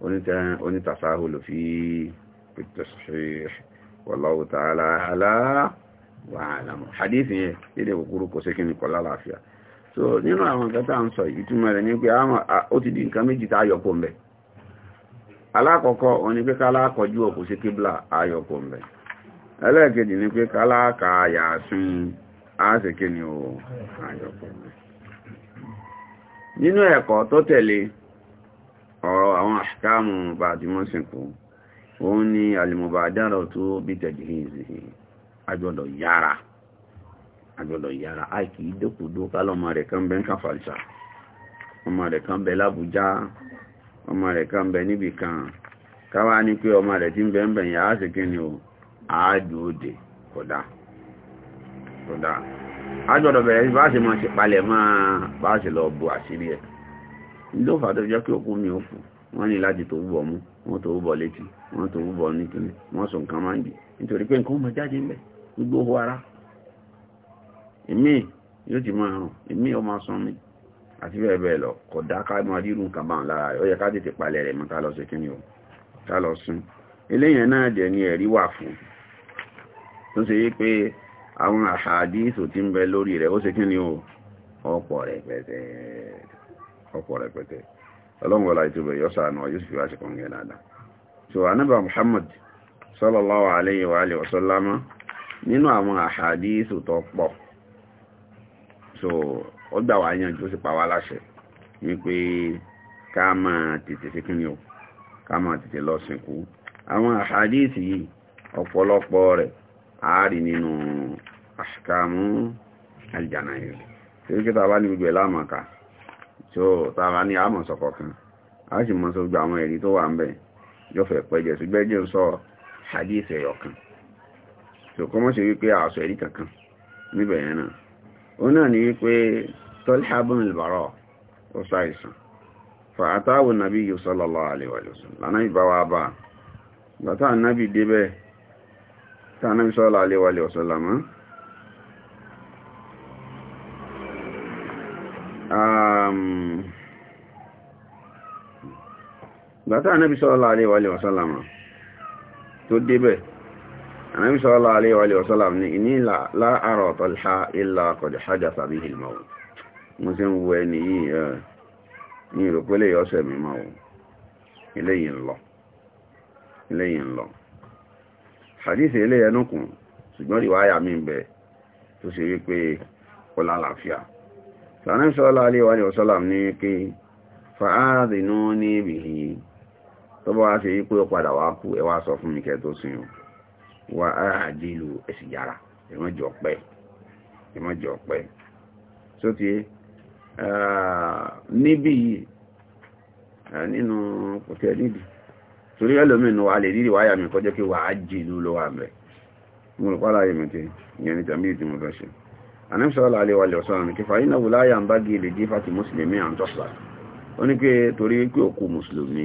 onítàsáhùlù fi pẹ̀tẹ̀sọ̀ṣẹ́ wallahu ta'ala ala wa alam hadith yẹn lédè kúkúrú kò sékí ní kọ̀ lálàáfíà so nínú àwọn nǹkan tá à ń sọ ìtumọ̀ rẹ̀ ní pé ó ti di nǹkan méjì tá ayọ̀pọ̀ mbẹ̀ alákọ̀ọ́kọ́ òní pé kálá kọjú òkú sí kíblà ayọ̀pọ̀ mbẹ̀ ẹlẹ́ẹ̀kejì ní pé kálá ka yàásùn á ni ó ayọ̀pọ̀ mbẹ̀ nínú ẹ̀kọ́ tó tẹ̀lé ọ̀rọ̀ àwọn àṣìkáàmù bàdìmọ́sìnkú òun ni dára tó bí tẹ̀jìhìnzì agbọ́dọ̀ yára agbọ́dọ̀ yára aiki ìdókòdó kálọ̀ ọmọ rẹ̀ kan bẹ́ ń kàfàlìsà ọmọ rẹ̀ kan bẹ lábújá ọmọ rẹ̀ kan bẹ níbi kan káwá ní pé ọmọ rẹ̀ ń ń bẹ̀ kí ni o agbọ́dọ̀ bẹ̀rẹ̀ bá palẹ̀ máa bá lọ bu àṣírí ló fà tó jẹ́ pé òkú mi ò fún wọ́n ní láti tó wúbọ̀ mú wọ́n tó wúbọ̀ létí wọ́n tó wúbọ̀ nítorí wọ́n sọ nǹkan máa ń jì nítorí pé nǹkan ọmọ jáde ńlẹ̀ gbogbo owó ara èmi yóò ti máa rùn èmi ọmọ sán mi àti bẹ́ẹ̀ bẹ́ẹ̀ lọ kò dá ká máa rírù nǹkan bá lára rẹ̀ ó yẹ ká tètè palẹ̀ rẹ̀ mọ́ ká lọ sí kíni o ká lọ sún eléyẹn náà dẹ̀ ni ẹ̀rí wà fún tó ṣe yí pé àwọn àhàdíìsù ti ń bẹ lórí rẹ̀ ó ṣe kíni o ọ̀pọ̀ rẹ̀ pẹ̀tẹ̀ẹ̀ ọ̀pọ̀ rẹpẹtẹ ọlọ́run wọlá ìtúbẹ̀ yọ sànù ọyọ́ sì fi wá sí kọ̀ǹgẹ̀ dáadáa so anábà muhammad sallallahu alayhi wa alihi wa sallama nínú àwọn àhàdíìsù tó pọ̀ so ó gbà wá yanjú ó sì pa wá láṣẹ wípé ká máa tètè sí kíni o ká máa tètè lọ sìnkú àwọn àhàdíìsì yìí ọ̀pọ̀lọpọ̀ rẹ̀ àárí nínú àṣìkàmú aljanayi tí ó kí ta bá ní gbogbo ẹ̀ láàmàkà tí ó tààrà ní àmọ̀ kan a sì mọ́ sọ gbà àwọn ẹ̀rí tó wà ń bẹ̀ yóò fẹ́ pẹ́jẹ ṣùgbẹ́ jẹ́ sọ hadith ẹ̀yọ̀ kan tó kọ́ mọ́ sí wípé àṣọ ẹ̀rí kankan níbẹ̀ yẹn náà ó náà ní wípé Talha ibn ó fàátàwò nàbí gbàtà anábi sallallahu alaihi wa sallam tó débẹ̀ anábi sallallahu alaihi wa sallam ní iní láàárọ̀ tọ́lá ilá kọ̀dẹ̀ hajjá tàbí ìlmọ̀ mo ti ń wo ẹni yìí ní ìròpélé ọ̀sẹ̀ mi máa wò eléyìí ń lọ eléyìí ń lọ hadisi ilé ẹnukùn ṣùgbọ́n ìwáyà mi ń bẹ tó ṣe wípé ọlá àlàáfíà sàánẹ́sọ́lá alẹ́wàlẹ́wọ̀sọ́lá tó bá wá ṣe yí pé ó padà wá kú ẹ wá sọ fún mi kẹ́ tó sin o wà á àdìlù ẹ̀sì yára ìmọ̀jọ pẹ́ ìmọ̀jọ pẹ́ sóti níbí yìí nínú kòtẹ́ níbi torí ẹlòmínú wa lè rírí wáyà mi kọjọ́ kí wà á jìlú ló wà mẹ́ mo rò pàlàyé mi tí ìyẹn ni tàbí ìdí mo torí pé òkú mùsùlùmí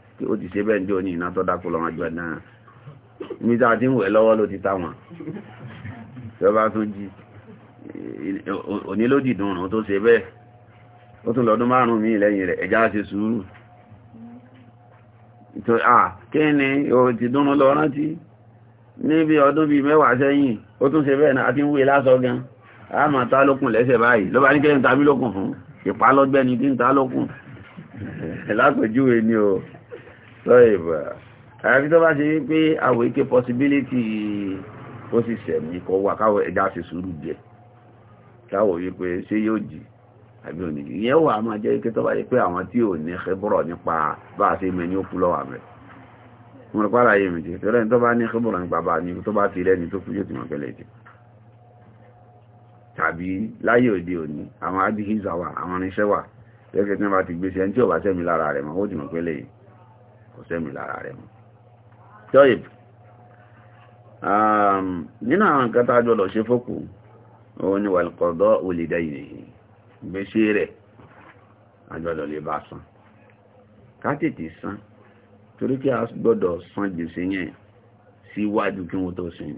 ó ti ṣe bẹ́ẹ̀ ní òní iná tó dákú lọ́wọ́ jù náà mi tá a ti ń wẹ̀ lọ́wọ́ ló ti tá wọn tí ó bá tún jí òní ló dìdùn ọ̀run tó ṣe bẹ́ẹ̀ ó tún lọ́dún márùn-ún mi lẹ́yìn rẹ̀ ẹ̀já ṣe sùúrù ni o ti dúnrún lọ rántí níbi ọdún bíi mẹ́wàá sẹ́yìn ó tún ṣe bẹ́ẹ̀ náà a ti ń wé lásọ gan a máa tá lókun lẹ́sẹ̀ báyìí ìpálọ́gbẹ́ni tí ń tá lókun lápèjúwe ni o sọ́ìbà àyàfi tó bá ṣe wípé àwọ̀ ike possibility ó sì sẹ̀mí kọ wà káwọ̀ ẹ̀dá ṣe sùúrù jẹ káwọ̀ wípé ṣé yóò jì àbí òní ìyẹn wà máa jẹ́ ike tó bá yẹ pé àwọn tí ò ní ṣẹ́bọ̀rọ̀ nípa bá a ṣe mẹ́ ní ó kú lọ́wọ́ àmẹ́ mo rẹ̀ pàrọ̀ ayé mi jẹ́ tó lẹ́ni bá ní ṣẹ́bọ̀rọ̀ nípa bá ní tó bá ti rẹ́ni tó kú yóò ti mọ̀ pẹ́lẹ̀ jẹ́ tàbí láyé òde òní àwọn adìhíza wà àwọn irinṣẹ́ wà gẹ́gẹ́ tí wọ́n bá ti gbé sí ẹni tí ò bá sẹ́mi lára rẹ̀ mọ́ ó ti mọ̀ pẹ́lẹ̀ yìí kò sẹ́mi lára rẹ̀ mọ́ tọ́yìb um, nínú àwọn nǹkan tá a jọ lọ ṣe fókù òun ni wàlùkọ̀dọ́ olùdá ìnìyàn gbèsè rẹ̀ àjọlọ̀ lè bá san ká tètè san torí kí a gbọ́dọ̀ san gbèsè yẹn síwájú kí wọ́n tó sin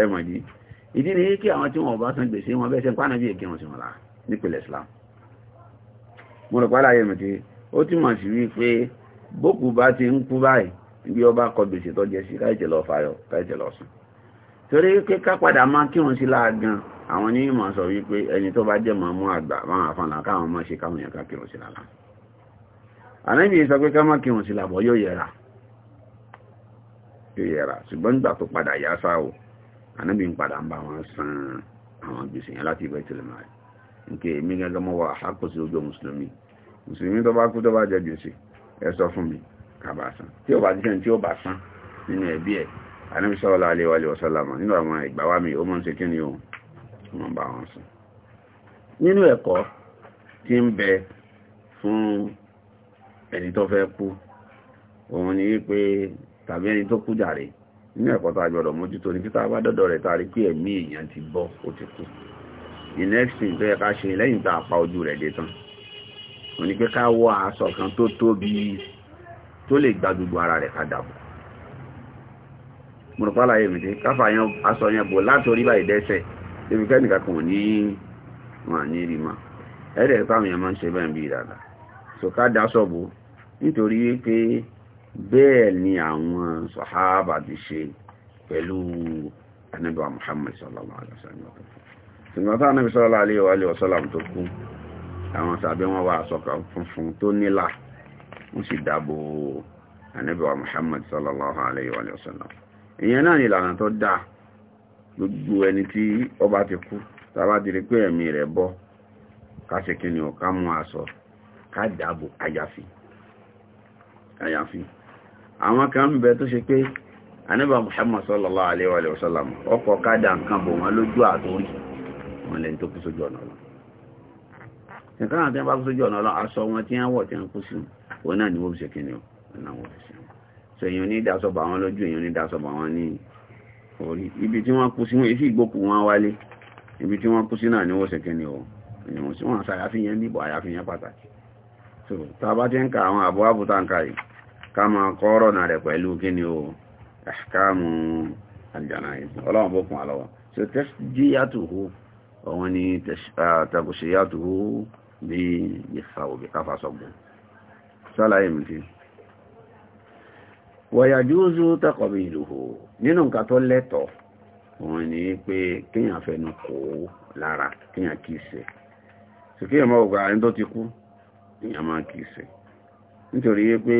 ẹ mọ̀ jí ìdí ni kí àwọn tí wọ́n bá san gbèsè wọn bẹ́ẹ̀ ṣe pàánà bí èké wọn sí wọn lára nípìnlẹ̀ Islam mo rò pálá yẹn mi ti ó túmọ̀ sí wípé bókù bá ti ń kú báyìí bí ọba kọ gbèsè tó jẹ sí káìtẹ̀ lọ fàyọ káìtẹ̀ lọ sùn torí kíká padà máa kírun sí láàgan àwọn ní ìmọ̀ sọ wípé ẹni tó bá jẹ́ mọ̀ mú àgbà máa àfànà káwọn máa ṣe káwọn yẹn ká kírun sí lára àlẹ́bí sọ pé ká má kírun sí làbọ̀ yóò yẹra yóò yẹra ṣùgbọ́n nígbà tó padà yá sáwò ànábì ń padà ń bá wọn san àwọn gbèsè yẹn láti ibẹ̀ tìlẹ̀ máa nke èmi gẹ́gẹ́ mọ́ wà àkóso ojú mùsùlùmí mùsùlùmí tó bá kú tó bá jẹ gbèsè ẹ sọ fún mi kàbà san tí ó bá jẹ́ tí ó bá san nínú ẹbí ẹ̀ anábi sallallahu alaihi wa sallam nínú àwọn ìgbàwà mi ó mọ́ ń ṣe kí ni ohun wọ́n bá wọn sùn nínú ẹ̀kọ́ tí ń bẹ fún ẹni tó fẹ́ kú òun ni wípé tàbí ẹni tó kú jàre nínú ẹ̀kọ́ tó àjọ̀dọ̀ mójútó ní títà bá dọ́dọ̀ rẹ̀ tàrí pé ẹ̀mí èèyàn ti bọ́ ó ti kú the next thing tó yẹ ká ṣe lẹ́yìn tá a pa ojú rẹ̀ dé tán wọ́n ní pé ká wọ aṣọ kan tó tóbi tó lè gba gbogbo ara rẹ̀ ká dàbò mo rò pálá yẹn mi dé káfà yẹn aṣọ yẹn bò látòrí báyìí dẹ́sẹ̀ débi kẹ́nìkan kan ò ní wọn ní rí ma ẹ̀rẹ̀ ìpàmì yẹn máa ń ṣe bẹ́ẹ̀ bí ìdàgbà so ká dá sọ́bù nítorí pé bẹ́ẹ̀ ni àwọn sàhábà ti ṣe pẹ̀lú anábà Muhammad sallallahu alaihi wasallam sìgbọ́n tá anábì sallallahu alaihi wasallam tó kú àwọn sàbẹ́ wọn wá àsọ̀kà funfun tó nílà wọ́n sì dáàbò ànábì wa Muhammad sallallahu alayhi wa sallam ìyẹn náà ni ìlànà tó dáa gbogbo ẹni tí ó bá ti kú tàbá ti rí pé ẹ̀mí rẹ̀ bọ́ káṣe kí ni ọ̀ká mú aṣọ ká dáàbò àyàfi àyàfi àwọn kan ń bẹ tó ṣe pé ànábì wa sallallahu alayhi wa sallam ọkọ̀ ká nǹkan bò wọn lójú àtórí wọn lẹ́ni tó kú sójú ọ̀nà ṣẹ̀kọ́ àwọn tí wọ́n bá kú sójú ọ̀nà ọlọ́run aṣọ wọn tí wọ́n wọ̀ tí wọ́n kú sí òun náà ni wọ́n fi ṣe kíni o ọ̀nà wọn fi ṣe wọn so èyàn ní ìdásọ bà wọn lójú èyàn ní ìdásọ bà wọn ní orí ibi tí wọ́n kú sí wọn èsì ìgbókù wọn wálé ibi tí wọ́n kú sí náà ni wọ́n ṣe kíni o ni wọ́n sí wọn àṣà àyàfihàn níbọ̀ àyàfihàn pàtàkì so tá a bá ti ń ka àwọn àbọ̀ àbúta ń ka yìí ká máa kọ́ bí ìfà òbí káfà sọ̀gbọ̀n sálàyé mi fi wọ̀yàjúúzú tẹ́kọ̀bí ìlúhò nínú nǹkan tó lẹ́tọ̀ òun ni pé kíyàn fẹnu kò ó lára kíyàn kìíṣẹ́ sì kíyàn máa ògbà ẹni tó ti kú kíyàn máa kìíṣẹ́ nítorí pé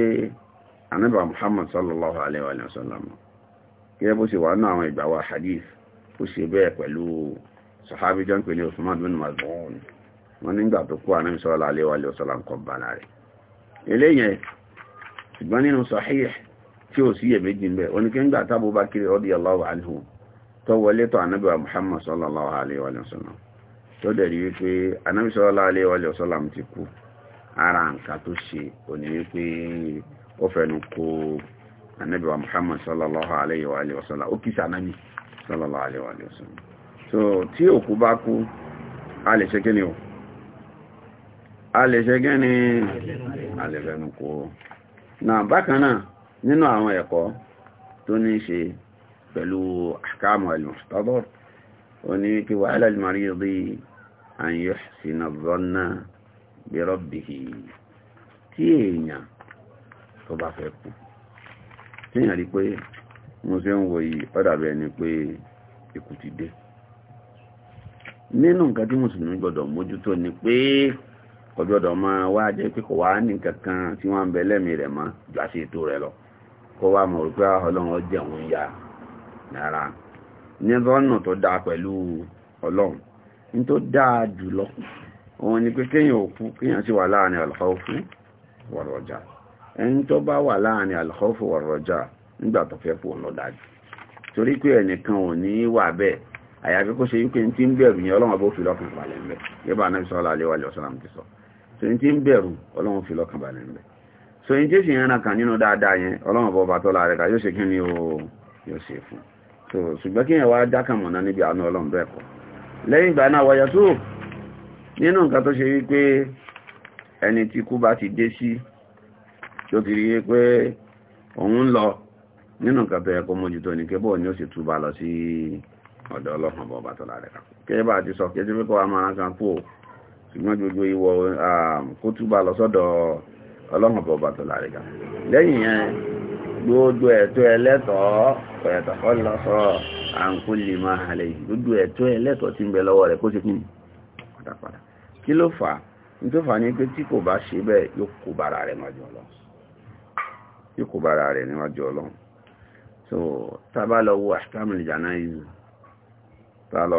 anábà Muhammad sallallahu alaihi wa sallam kíyà bó ṣe wà ní àwọn ìgbà wa hadith ó ṣe bẹ́ẹ̀ pẹ̀lú sahabi jọ́ ń pè ní Usman bin Mazun wọ́n nígbà tó kú ànábì sallallahu alaihi wa sallam kọ bàlá rẹ̀ eléyẹn ṣùgbọ́n nínú sahih tí ó sí iyèméjì ń bẹ oníkẹ́ngbà tábù bá kiri radiyallahu anhu tó wọlé tó ànábì wa Muhammad sallallahu alaihi wa sallam tó dẹ̀ rí wípé ànábì sallallahu alaihi wa sallam ti kú ara nǹkan tó ṣe òní wípé ó fẹnu kó ànábì so tí òkú bá kú a lè ṣe kí ni o a lè ṣe gẹ́ ni a lè fẹ́nu kó náà bákan náà nínú àwọn ẹ̀kọ́ tó ní ṣe pẹ̀lú ahkamu al-muhtadar ó ní kí wa ala al-maridi an yuhsina dhanna tí èèyàn tó bá fẹ́ kú nínú nǹkan tí mùsùlùmí gbọdọ̀ mójútó ni pé kò gbọ́dọ̀ máa wá jẹ́ pé kò wá ní kankan tí wọ́n ń bẹ lẹ́mìí rẹ̀ mọ́ ju àṣẹ ètò rẹ̀ lọ kó wá mọ̀ rò pé ah, ọlọ́run ó jẹun ya rárá ní ọ̀nà tó dáa pẹ̀lú ọlọ́run ní tó dáa jùlọ òun ni pé kéèyàn òkú kéèyàn sì wà láàrin alkhawfu warraja ẹni tó bá wà láàrin alkhawfu warraja nígbà tó fẹ́ pò lọ dájú torí pé ẹnìkan ò ní wà bẹ́ẹ̀ àyàfi kó ṣe wípé tí ń bẹ̀rù yẹn ọlọ́run bó fi lọ́kàn palẹ̀ ń bẹ̀ yẹ́bà náà sọ́lá aléwàlẹ̀ ọ̀sán ti sọ so n ti ń bẹ̀rù ọlọ́run fi lọ́kàn balẹ̀ ń so n tí sì ń kan nínú dáadáa yẹn ọlọ́run bọ́ bàtọ́ yóò ṣe ni o yóò ṣe fún so ṣùgbọ́n kí yẹn wá náà níbi àánú ọlọ́run bẹ́ẹ̀ kọ́ lẹ́yìn ìgbà náà tó ti dé sí ti rí i pé òun ń lọ nínú nǹkan tó yẹ kó mójútó ni kébọ̀ ni ó sì túbà lọ sí ọ̀dọ̀ sọ kó wa máa o ṣùgbọ́n gbogbo ìwọ̀ kó túbà lọ sọ́dọ̀ ọlọ́run bọ̀bà tó láríga lẹ́yìn yẹn gbogbo ẹ̀tọ́ ẹlẹ́tọ̀ọ́ ọ̀yẹ̀tọ̀ kọ́ lọ sọ àǹkú lè máa halẹ̀ yìí gbogbo ẹ̀tọ́ ẹlẹ́tọ̀ọ́ ti ń bẹ lọ́wọ́ rẹ̀ kó ti so tá bá lọ wo àṣìkámìlì jànáyìí tá lọ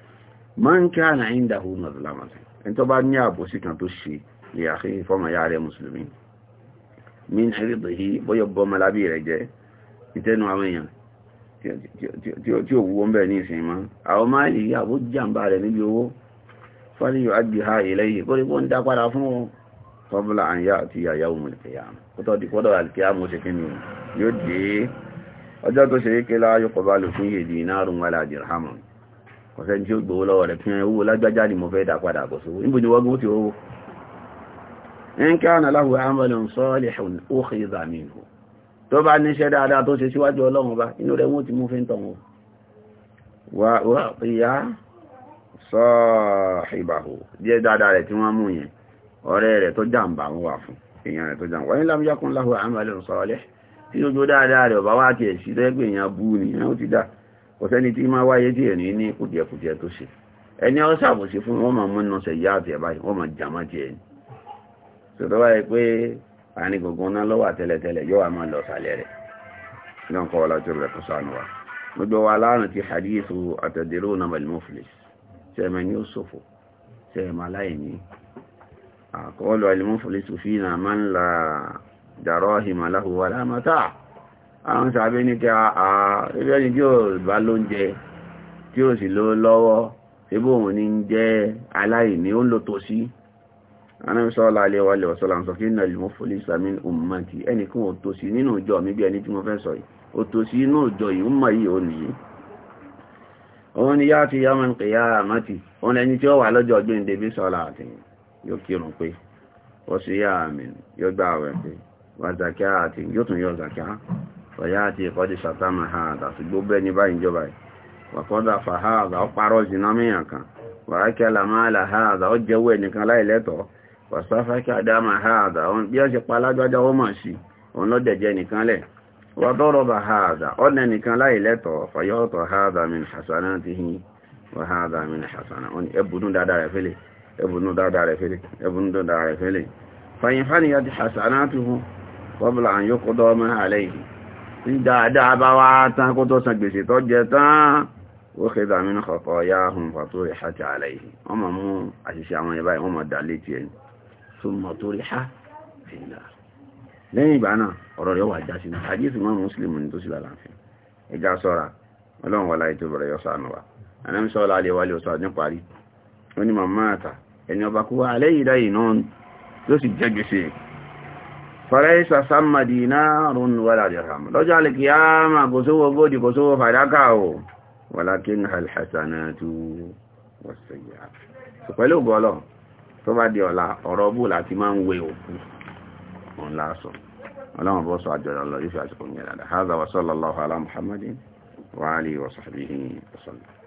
máa ń kí àná ìdáhù nàdùlámàtì ẹni tó bá ní àbòsí kan tó ṣe lè àkí fọ́mà yá rẹ̀ mùsùlùmí mi ní rí bèhí bóyọ bọ́ malabi rẹ̀ jẹ́ ìtẹ́nu àwọn èèyàn tí ó wúwo ń bẹ̀ ní ìsìn mọ́ àwọn máàlì àbó jàǹbá rẹ̀ níbi owó fọ́líyọ̀ àjìhá ìlẹ́yìn kó rí bó ń dá padà fún wọn kọbílá àyà àti àyà òmìnir kìyàmù kó tọ́ di kọ́dọ̀ alkìyàmù ṣe kí ni yóò dé ọjọ́ tó ṣe é kí láyọ́kọ̀ bá lò fún yèdì náà rùn wà láàjì rahamun ọ̀sẹ̀ tí ó gbòó lọ́wọ́ rẹ̀ fún owó lágbájá ni mo fẹ́ dà padà bọ̀ sówó níbo ni wọ́n gún ti owó in kana lahu amalun salihun ukhidha minhu tó bá níṣẹ́ dáadáa tó ṣe ń tọ̀wọ́ wà ìyá sahibahu díẹ̀ dáadáa rẹ̀ tí ojú dáadáa rẹ̀ ọ̀bá wá tiẹ̀ sí lẹ́gbẹ̀ẹ́ èèyàn bú nìyẹn ó ti dáa kò sẹ́ni tí máa wáyé tí ẹni ní kùdìẹ̀kùdìẹ̀ tó ṣe ẹni ọ̀sẹ̀ àbòsí fún wọn máa múnú ṣe yá àti ẹ̀bá wọn máa jà má tiẹ̀ ni tòtọ́ wáyé pé àárín gbogbo náà lọ́wọ́ àtẹ́lẹ̀tẹ́lẹ̀ yóò wá máa lọ sàlẹ̀ rẹ̀ náà kọ́ ọlọ́jọ́ rẹ̀ kó sànù wa gbogbo wa láàrín ti hadithu àtẹ̀dẹ̀rọ̀ náà wal muflis sẹ́mi ni ó ṣòfò sẹ́mi aláìní àkọọ́lù al muflis fina man la darahima lahu wala àwọn sàbẹ́ ní kí a ẹgbẹ́ ni tí ó bá ló ń jẹ tí ó sì ló lọ́wọ́ ebó òun ní jẹ́ aláìní ó ń lò tó sí anábísọ́ láàlẹ́ wàlẹ̀ ọ̀sọ́lá ń sọ kí nàìjíríà mọ́ fòlì ìsàmì ummati ẹnìkan ò tó sí nínú ìjọ mi bí ẹni tí mo fẹ́ sọ yìí ò tó sí inú ìjọ yìí ń mọ̀ yìí ò nìyí òun ni yá ti yá mọ́ pé yá àmọ́tì òun ẹni tí ó wà lọ́jọ́ ọgbìn dèbí sọ́lá àti yóò kírun pé wọ́n sì yá àmì yóò àwẹ̀ pé wà zakia àti yóò tún yọ zakia ọ̀yá àti ìkọ́dí sàtàmà ha àtàsí gbogbo ẹni báyìí jọba wàkọ́dà fà ha ó parọ́ kan wa máa ha àdá ó jẹ́wọ́ ẹnìkan láìlẹ́tọ̀ọ́ wàsáfákẹ́ àdámà ha àdá ó bí ó ṣe pa alágbájá ó mà sí òun ló dẹ̀jẹ́ nìkan lẹ̀ wàdọ́rọ̀bà ha àdá ó nẹ nìkan láìlẹ́tọ̀ọ́ fàyọ́tọ̀ ha àdá min hasanatihi wà ha ó ní ẹbùnú dáadáa rẹ̀ fẹ́lẹ̀ ẹbùnú dáadáa rẹ̀ fẹ́lẹ̀ ẹbùnú dáadáa rẹ̀ fẹ́lẹ̀ fàyìnfàníyà ti tí dáadáa bá wá tán kó tó san gbèsè tó jẹ tán ó kéda mínú kọ̀kọ́ yá hùn fàtó rí ha ti àlẹ́ yìí wọ́n mọ̀ mú àṣìṣe àwọn ẹ̀bá ìwọ́n mọ̀ dà létí ẹni tó mọ̀ tó rí ha fi ń dà lẹ́yìn ìgbà náà ọ̀rọ̀ rẹ̀ wà já sí náà àdíṣù mọ́ mùsùlùmí ni tó sì lálàáfíà ẹja fọ́lẹ́sà sàmàdì náà rún wàlá dirham lọ́jọ́ alìkìyàmà kò sówó góòdì kò sówó fàdákà o walakin alhassanatu wasayya so pẹ̀lú gọ́lọ̀ tó bá di ọ̀la ọ̀rọ̀ bú láti máa ń wé òkú òun lásọ ọlọ́run bọ́ sọ àjọyọ̀ lọ yíṣẹ́ àti kò